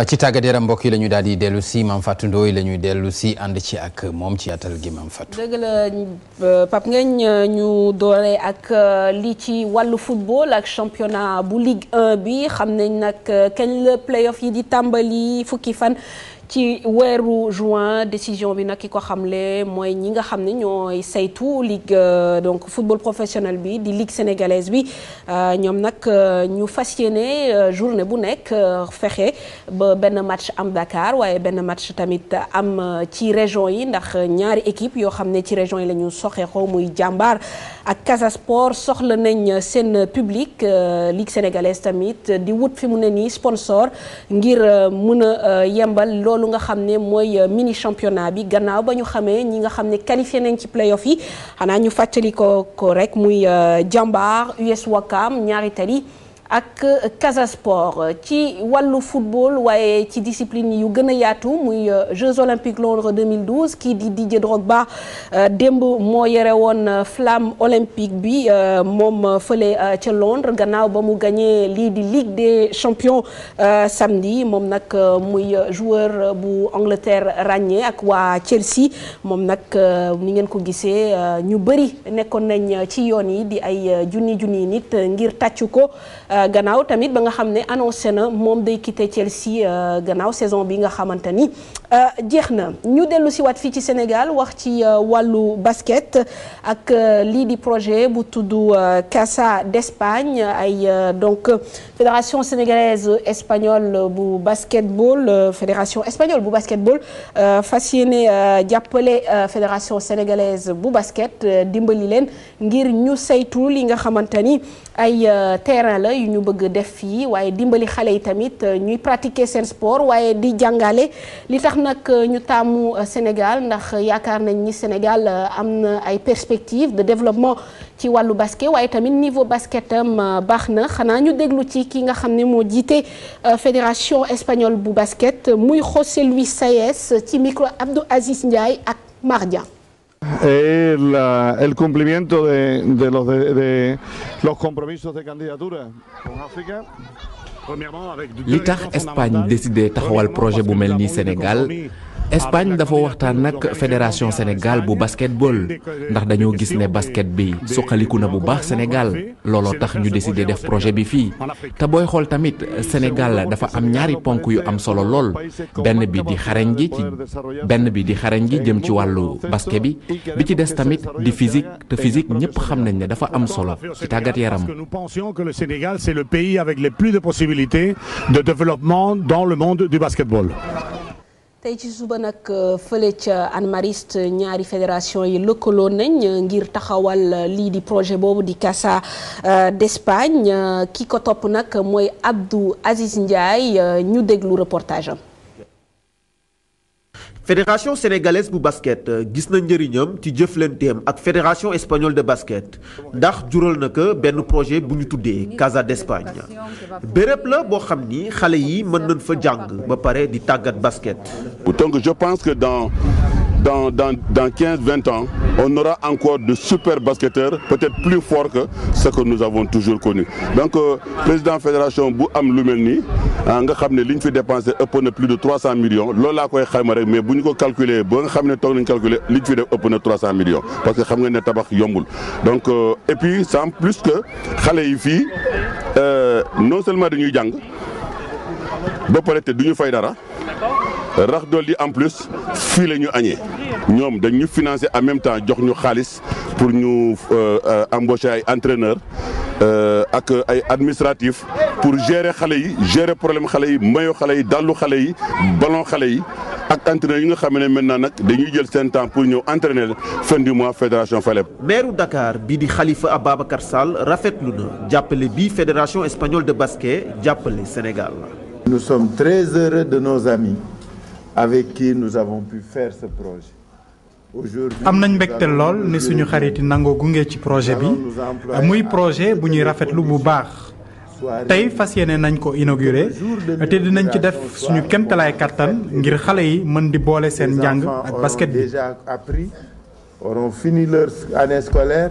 Ah, ci tàggat yaram mbokk yi la ñu daal di dellu si Mame Fatou Ndoye la ñuy dellu si ànd ci ak moom ci atal gi Mame dëgg la euh, Pape Ngagne euh, ñu doore ak euh, lii ci wàllu football ak championnat bu Ligue 1 bi xam nañ nag kañ la playoff yi di tàmbali fukki fan. ci weeru juin décision bi nag ki ko xamle mooy ñi nga xam ne ñooy saytu ligue euh, donc football professionnel bi di ligue sénégalaise bi euh, ñoom nag euh, ñu fas yéene journée bu nekk fexe ba benn match am Dakar waaye benn match tamit am ci région yi ndax ñaari équipe yoo xam ne ci région yi la ñu soxeexoo muy jàmbaar ak Casa soxla nañ seen public ligue sénégalaise tamit di wut fi mu ne nii sponsor ngir mën a yembal loolu lu nga xam ne mooy euh, mini championnat bi gannaaw ba ñu xamee ñi nga xam ne qualifié nañ ci playoff yi xanaa ñu fàttali ko ko rek muy euh, jàmbaar US Wakam ñaari tali ak euh, Casa Sport euh, ci wàllu football waaye ci discipline yu gën a yaatu muy euh, Jeux olympiques Londres 2012 kii di Didier Drogba démb moo yore woon flam olympique bi moom fële ca Londres gannaaw ba mu gagné lii di Ligue des champions samedi moom nag muy joueur bu Angleterre ràññee ak waa Chelsea moom nag ni ngeen ko gisee ñu bëri nekkoon nañ ci yoon yi di ay junni junni nit ngir tàccu ko. Euh, gannaaw tamit ba nga xam ne annoncé na moom day quitté Chelsea euh, gannaaw saison bi nga xamante ni euh, jeex na ñu dellu si waat fii ci Sénégal wax ci wàllu basket ak lii di projet bu tudd Casa d'Espagne ay donc fédération sénégalaise espagnole bu basketball fédération espagnole bu basketball fas yéene jàppale fédération sénégalaise bu basket dimbali leen ngir ñu saytu li nga xamante ni ay terrain la ñu bëgg def fii waaye dimbali xale yi tamit euh, ñuy pratiquer seen sport waaye di jàngale li tax nag euh, ñu taamu euh, Sénégal ndax yaakaar nañ ni Sénégal am na ay perspectives de développement ci wàllu basket waaye tamit niveau basket am baax na xanaa ñu déglu ci ki nga xam ne moo jiite fédération espagnole bu basket muy José Luis Sáez ci micro Abdou Aziz Ndiaye ak Mardia El, el cumplimiento de, de los, de, de los compromisos de candidatura con li tax Espagne décidé taxawal projet bu mel ni Sénégal Espagne dafa waxtaan nag fédération Sénégal bu basketball ndax dañoo gis ne basket bi suqaliku na bu baax Sénégal looloo tax ñu décidé def projet bi fii te booy xool tamit Sénégal dafa am ñaari ponk yu am solo lool benn bi di xarañ gi ci benn bi di xarañ gi jëm ci wàllu basket bi bi ci des tamit di physique te physique ñëpp xam nañ ne dafa am solo ci tàggat yaram. Nous pensions que Sénégal c'est le pays avec les plus de possibilités de développement dans le monde du basketball. tey ci suba nag euh, fële ca Hann Mariste ñaari fédération yi lëkkaloo nañ euh, ngir taxawal euh, lii di projet boobu di Casa d'Espagne ki ko topp nag mooy Abdou Aziz Ndiaye ñu déglu reportage fédération sénégalaise bu basket euh, gis na njëriñam ci jëflanteem ak fédération espagnole de basket ndax jural na ko benn projet bu ñu tuddee Casa d'Espagne béréb la boo xam ni xale yi mën nañ fa jàng ba pare di tàggat basket. donc je pense que dans dans, dans, dans vingt 20 ans, on aura encore de super basketteurs, peut-être plus forts que ce que nous avons toujours connu. Donc, euh, président fédération bu am lu mel nii ah, nga xam ne li ñu fi dépensé ëpp na plus de 300 millions loolu laa koy xayma rek mais bu ñu ko calculer ba nga xam ne toog nañ calculer li ñu fi def ëpp na 300 millions parce que xam nga ne tabax yombul donc euh, et puis sans plus que xale yi fii euh, non seulement dañuy jàng ba pare te ñu fay dara. rax dolli en plus fii la ñu añee ñoom dañ ñu financer en même temps jox ñu xaalis pour ñu euh, euh, embaucher ay entraîneur euh, ak ay administratif pour gérer xale yi gérer problème xale yi mayo xale yi dallu xale yi ballon xale yi ak entraîneur yi nga xam ne maintenant nag dañuy jël seen temps pour ñëw entraîner fin du mois fédération Faleb. maire Dakar bii di xalifa Khalifa Ababacar Sall rafetlu na jàppale bii fédération espagnole de basket jàppale Sénégal. avec qui nous pu faire ce projet. am nañ mbégte lool ni suñu xarit yi nangoo gunge ci projet bi ah, muy projet bu ñuy rafetlu bu baax tey fas yéene nañ ko inauguré te dinañ ci def suñu kéemtalaay kàttan ngir xale yi mën di boole seen njàng ak basket bi. auront fini leur année scolaire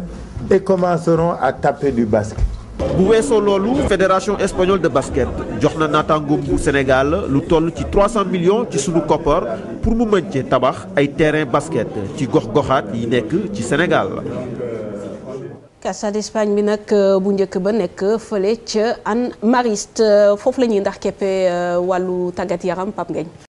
et commenceront à taper du basket. bu weesoo loolu fédération espagnole de basket jox na naataangoom bu Sénégal lu toll ci 300 millions ci sunu koppar pour mu mën tabax ay terrain basket ci gox-goxaat yi nekk ci Sénégal. Casa bi nag euh, bu njëkk ba nekk fële ca Hann Mariste euh, foofu la ñuy ndax keppe euh, wàllu tàggat yaram Pape Ngagne